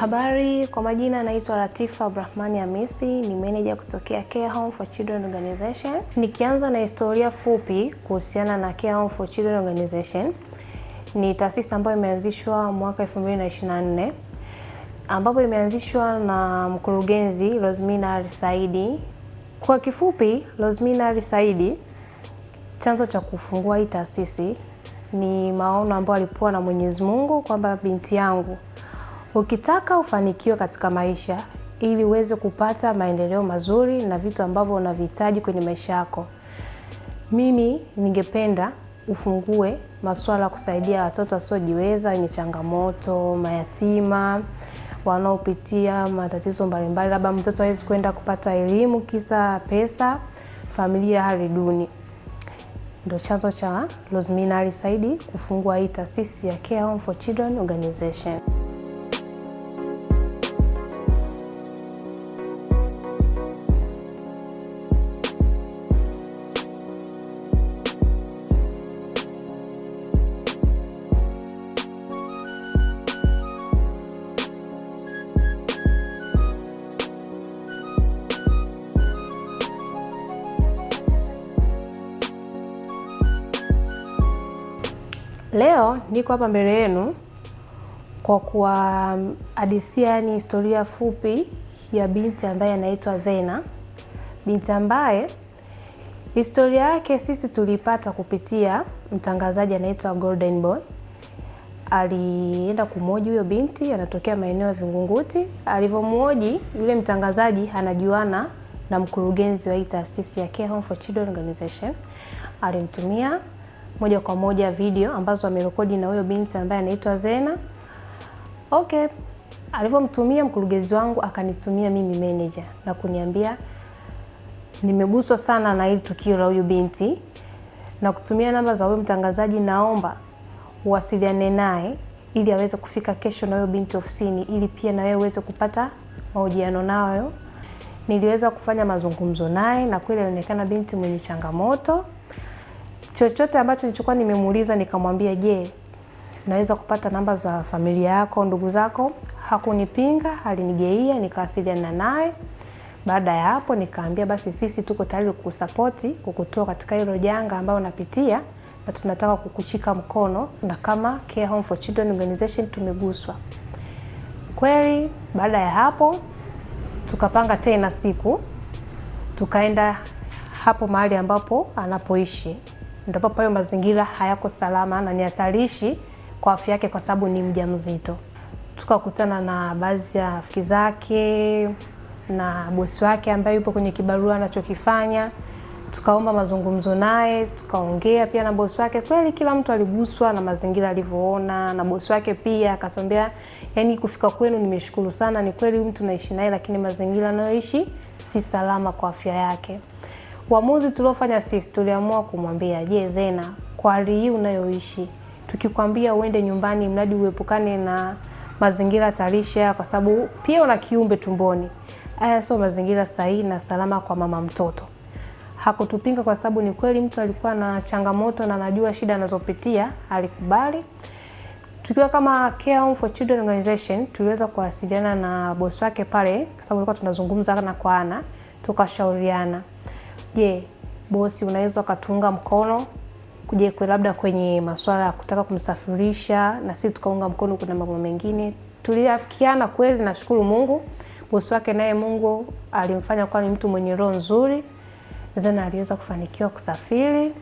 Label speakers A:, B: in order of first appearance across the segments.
A: Habari, kwa majina naitwa Latifa abrahmani Hamisi, ni meneja kutokea Care Home for Children Organization. Nikianza na historia fupi kuhusiana na Care Home for Children Organization, ni taasisi ambayo imeanzishwa mwaka 2024 ambapo imeanzishwa na mkurugenzi Rosmina Ali Saidi. Kwa kifupi, Rosmina Ali Saidi, chanzo cha kufungua hii taasisi ni maono ambayo alipewa na Mwenyezi Mungu kwamba binti yangu Ukitaka ufanikiwe katika maisha ili uweze kupata maendeleo mazuri na vitu ambavyo unavihitaji kwenye maisha yako, mimi ningependa ufungue masuala ya kusaidia watoto wasiojiweza, wenye changamoto, mayatima wanaopitia matatizo mbalimbali, labda mtoto hawezi kwenda kupata elimu kisa pesa, familia hali duni. ndo chanzo cha Rosemary kufungua hii taasisi ya Care Home for Children Organization. Leo niko hapa mbele yenu kwa kuwahadisia, yani historia fupi ya binti ambaye anaitwa Zena, binti ambaye historia yake sisi tulipata kupitia mtangazaji anaitwa Golden Boy. Alienda kumwoji huyo binti, anatokea maeneo ya Vingunguti. Alivyomwoji yule mtangazaji, anajuana na mkurugenzi wa hii taasisi ya Care Home for Children Organization, alimtumia moja kwa moja video ambazo amerekodi na huyo binti ambaye anaitwa Zena. Okay, alivyomtumia mkurugenzi wangu akanitumia mimi manager na kuniambia nimeguswa sana na hili tukio la huyu binti, na kutumia namba za huyo mtangazaji, naomba uwasiliane naye ili aweze kufika kesho na huyo binti ofisini, ili pia na wewe uweze kupata mahojiano nayo. Niliweza kufanya mazungumzo naye na kweli alionekana binti mwenye changamoto chochote ambacho nilichokuwa nimemuuliza nikamwambia, je, naweza kupata namba za familia yako, ndugu zako? Hakunipinga, alinigeia, nikawasiliana naye. Baada ya hapo, nikaambia basi sisi tuko tayari kukusapoti, kukutoa katika hilo janga ambayo unapitia na tunataka kukushika mkono, na kama Care Home for Children Organization tumeguswa kweli. Baada ya hapo, tukapanga tena siku, tukaenda hapo mahali ambapo anapoishi ndipo pale mazingira hayako salama na ni hatarishi kwa afya yake, kwa sababu ni mjamzito. Tukakutana na baadhi ya rafiki zake na bosi wake ambaye yupo kwenye kibarua anachokifanya tukaomba mazungumzo naye, tukaongea pia na bosi wake. Kweli kila mtu aliguswa na mazingira alivyoona, na bosi wake pia akatwambia, yani kufika kwenu nimeshukuru sana. Ni kweli mtu naishi naye, lakini mazingira anayoishi si salama kwa afya yake. Uamuzi tuliofanya sisi, tuliamua kumwambia je, Zena, kwa hali hii unayoishi, tukikwambia uende nyumbani, mradi uepukane na mazingira tarisha, kwa sababu pia una kiumbe tumboni, haya sio mazingira sahihi na salama kwa mama mtoto. Hakutupinga kwa sababu ni kweli mtu alikuwa na changamoto na anajua shida anazopitia, alikubali. Tukiwa kama Care Home for Children Organization tuliweza kuwasiliana na bosi wake pale, kwa sababu tulikuwa tunazungumza ana kwa ana, tukashauriana Je, bosi unaweza ukatuunga mkono kuje kuja labda kwenye masuala ya kutaka kumsafirisha na sisi tukaunga mkono. Kuna mambo mengine tuliafikiana kweli, nashukuru Mungu. Bosi wake naye Mungu alimfanya kuwa ni mtu mwenye roho nzuri, zana aliweza kufanikiwa kusafiri.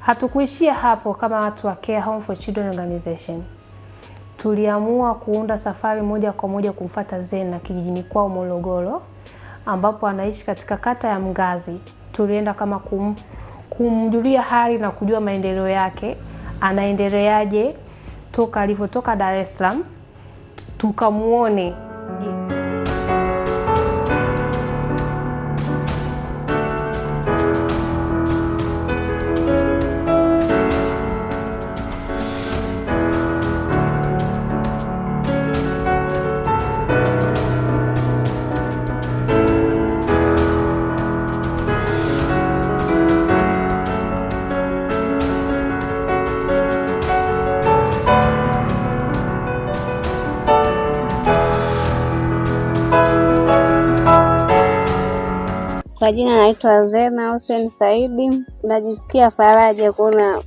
A: Hatukuishia hapo. Kama watu wa Care Home for Children Organization tuliamua kuunda safari moja kwa moja kumfata Zena kijijini kwao Morogoro, ambapo anaishi katika kata ya Mgazi tulienda kama kum, kumjulia hali na kujua maendeleo yake, anaendeleaje toka alivyotoka Dar es Salaam tukamuone Kwa jina naitwa Zena Hussein Saidi. Najisikia faraja kuona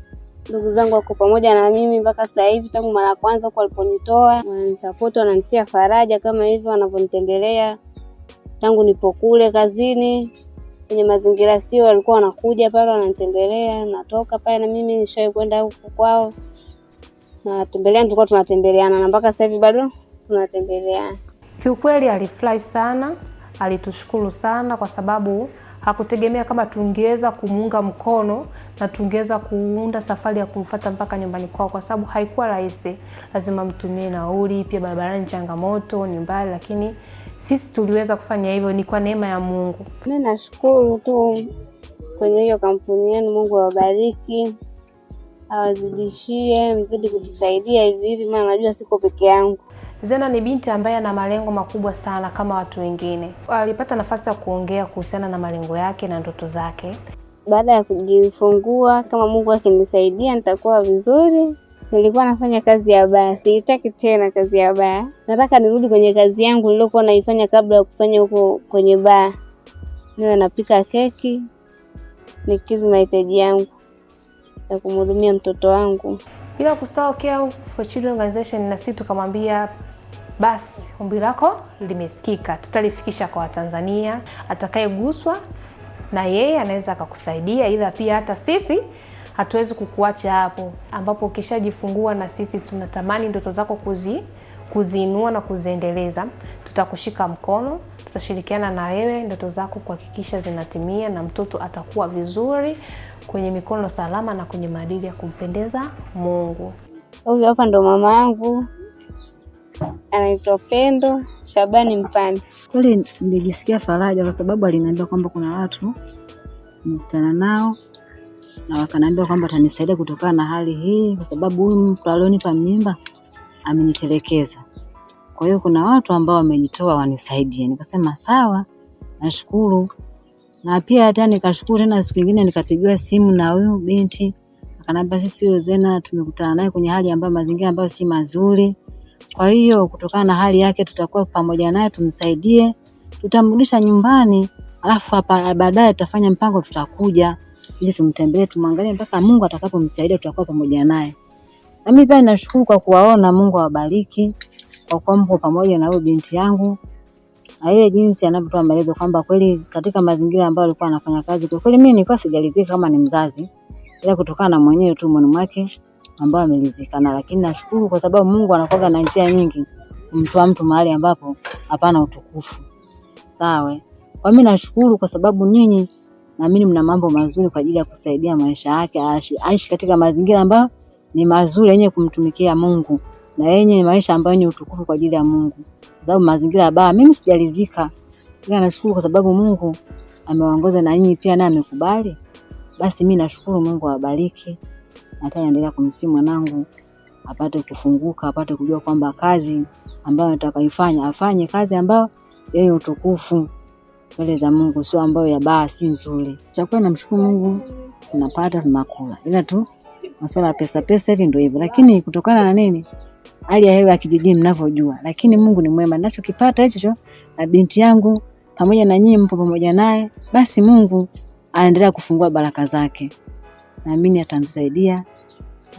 A: ndugu zangu wako pamoja na mimi mpaka sasa hivi, tangu mara ya kwanza huko waliponitoa, wananisupport, wananitia faraja kama hivyo wanavyonitembelea tangu nipo kule kazini kwenye mazingira sio, walikuwa wanakuja pale wanatembelea natoka pale na mimi nishawahi kwenda huko kwao, natembelea, tulikuwa tunatembeleana na mpaka sasa hivi bado tunatembeleana.
B: Kiukweli alifurahi sana, alitushukuru sana kwa sababu hakutegemea kama tungeweza kumuunga mkono na tungeweza kuunda safari ya kumfata mpaka nyumbani kwao, kwa sababu haikuwa rahisi. Lazima mtumie nauli, pia barabarani changamoto ni mbali, lakini sisi tuliweza kufanya hivyo, ni kwa neema ya Mungu.
C: mi nashukuru tu kwenye hiyo kampuni yenu, Mungu awabariki, awazidishie, mzidi kujisaidia hivi hivi, maana najua siko peke yangu.
B: Zena ni binti ambaye ana malengo makubwa sana kama watu wengine. Alipata nafasi ya kuongea kuhusiana na malengo yake na ndoto zake.
C: Baada ya kujifungua, kama Mungu akinisaidia, nitakuwa vizuri. Nilikuwa nafanya kazi ya baya, siitaki tena kazi ya baya. Nataka nirudi kwenye kazi yangu niliyokuwa naifanya kabla ya kufanya huko kwenye baa, niwe napika keki, nikizi mahitaji yangu ya kumhudumia mtoto wangu
B: bila kusahau Care for Children Organization, na sisi tukamwambia basi ombi lako limesikika, tutalifikisha kwa Watanzania. Atakayeguswa na yeye anaweza akakusaidia, ila pia hata sisi hatuwezi kukuacha hapo, ambapo ukishajifungua na sisi tunatamani ndoto zako kuzi kuziinua na kuziendeleza, tutakushika mkono, tutashirikiana na wewe ndoto zako kuhakikisha zinatimia, na mtoto atakuwa vizuri kwenye mikono salama na kwenye maadili ya kumpendeza Mungu.
D: Huyu hapa ndo mama yangu anaitwa Pendo Shabani Mpande.
E: Kweli nilijisikia faraja kwa sababu aliniambia kwamba kuna watu nikutana nao na wakaniambia kwamba atanisaidia kutokana na hali hii, kwa sababu huyu mtu alionipa mimba amenitelekeza. Kwa hiyo kuna watu ambao wamenitoa wanisaidie. Nikasema sawa, nashukuru. Na pia hata nikashukuru tena, siku nyingine nikapigiwa simu na huyu binti akanambia, sisi huyo Zena tumekutana naye kwenye hali ambayo mazingira ambayo si mazuri kwa hiyo kutokana na hali yake tutakuwa pamoja naye, tumsaidie, tutamrudisha nyumbani, alafu hapa baadaye tutafanya mpango, tutakuja ili tumtembelee, tumwangalie mpaka Mungu atakapomsaidia, tutakuwa pamoja naye. Na mimi pia ninashukuru kwa kuwaona, Mungu awabariki kwa kuwa mko pamoja na huyo binti yangu na yeye jinsi anavyotoa maelezo kwamba kweli katika mazingira ambayo alikuwa anafanya kazi, kwa kweli mimi nilikuwa sijalizika kama ni mzazi, ila kutokana na mwenyewe tu mwanamke mwake ambao amelizikana, lakini nashukuru kwa sababu Mungu anakuwa na njia nyingi kumtoa mtu mahali ambapo hapana utukufu. Sawa. Kwa mimi nashukuru kwa sababu nyinyi naamini mna mambo mazuri kwa ajili ya kusaidia maisha yake aishi, aishi katika mazingira ambayo ni mazuri yenye kumtumikia Mungu na yenye maisha ambayo ni utukufu kwa ajili ya Mungu. Kwa sababu mazingira baya mimi sijalizika. Ila nashukuru kwa sababu Mungu amewaongoza na nyinyi pia naye amekubali. Basi mimi nashukuru Mungu awabariki nataka niendelea kumsihi mwanangu apate kufunguka, apate kujua kwamba kazi ambayo atakaifanya afanye kazi ambayo yeye utukufu mbele za Mungu, sio ambayo ya baa, si nzuri. Chakula namshukuru Mungu tunapata tunakula, ila tu masuala ya pesa pesa hivi ndio hivyo, lakini kutokana na nini, hali ya hewa ya kijijini mnavyojua, lakini Mungu ni mwema. Ninachokipata hicho cho na binti yangu pamoja na nyinyi mpo pamoja naye, basi Mungu anaendelea kufungua baraka zake naamini atamsaidia,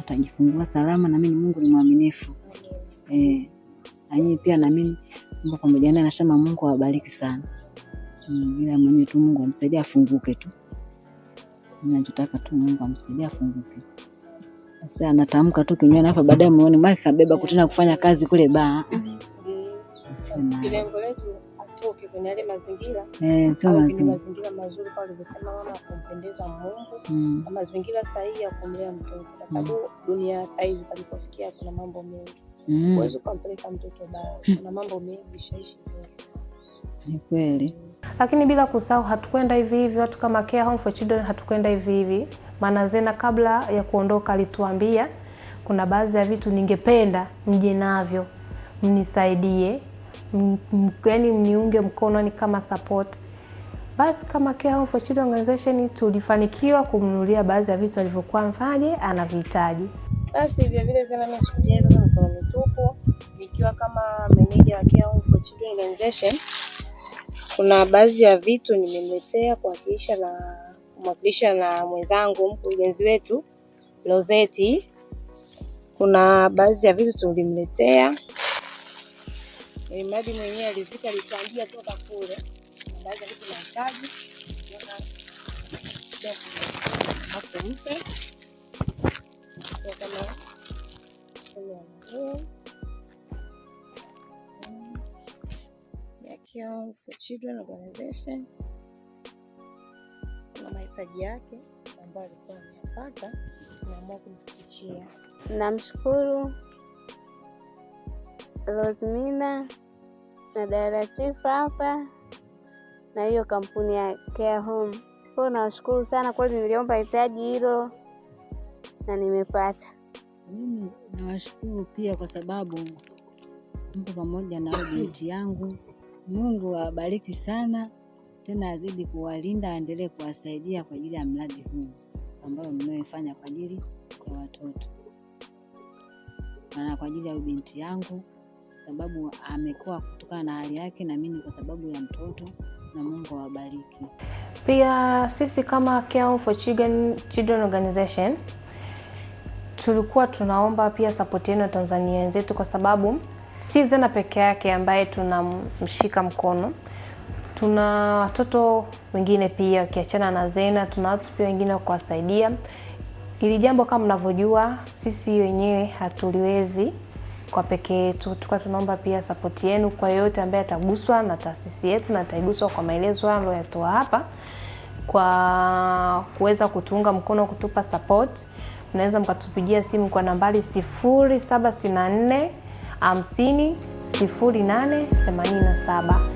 E: atajifungua salama. mimi Mungu ni mwaminifu eh, na pia naamini mko pamoja naye, anasema Mungu awabariki sana mm, ila mwenye tu Mungu amsaidie afunguke tu, ninachotaka tu Mungu amsaidie afunguke. Sasa anatamka tu kinywa, hapa baadaye muone mwake kabeba kutenda kufanya kazi kule baa.
F: Lengo letu utoke kwenye yale mazingira eh, sio mazingira. mazingira mazuri kwa alivyosema mama, kumpendeza Mungu mm. mazingira sahihi ya kumlea mtoto, kwa sababu mm. dunia sasa hivi palipofikia kuna mambo mengi mm. huwezi ukampeleka mtoto baa, kuna mambo mengi ishaishi vingi.
B: Ni kweli lakini bila kusahau hatukwenda hivi hivi, watu kama Care Home for Children hatukwenda hivi hivi, maana Zena kabla ya kuondoka alituambia kuna baadhi ya vitu ningependa mje navyo mnisaidie yani mniunge mkono ni kama support. Basi kama Care Home for Children Organization tulifanikiwa kumnunulia baadhi ya vitu alivyokuwa mfanye anavihitaji.
G: Basi vile vile zina mimi sikuja mitupu, nikiwa kama meneja wa Care Home for Children Organization, kuna baadhi ya vitu nimemletea kuwakilisha na kumwakilisha na mwenzangu mkurugenzi wetu Rozeti. Kuna baadhi ya vitu tulimletea. Mradi mwenyewe alizika lichangia toka kule baada ya mahitaji akumpe kama for Children Organization na mahitaji yake ambayo alikuwa anataka, tumeamua kumfikishia.
H: Namshukuru Rosmina na Dara Chifa hapa na hiyo kampuni ya Care Home. Kwa nawashukuru sana kweli, niliomba hitaji hilo na nimepata.
E: Mimi nawashukuru pia kwa sababu mpo pamoja na binti yangu. Mungu awabariki sana tena, azidi kuwalinda, aendelee kuwasaidia kwa ajili ya mradi huu ambayo mmeifanya kwa ajili ya watoto na kwa ajili ya binti yangu sababu amekuwa kutokana na hali yake, na mimi kwa sababu ya mtoto, na Mungu awabariki.
B: Pia sisi kama Care for Children, Children Organization tulikuwa tunaomba pia sapoti yenu Tanzania wenzetu, kwa sababu si Zena peke yake ambaye tunamshika mkono, tuna watoto wengine pia, ukiachana na Zena tuna watu pia wengine wa kuwasaidia. Ili jambo kama mnavyojua, sisi wenyewe hatuliwezi kwa pekee yetu. Tukawa tunaomba pia sapoti yenu kwa yeyote ambaye ataguswa na taasisi yetu na ataiguswa kwa maelezo hayo aliyoyatoa hapa, kwa kuweza kutuunga mkono, kutupa sapoti. Mnaweza mkatupigia simu kwa nambari 0764 50 87.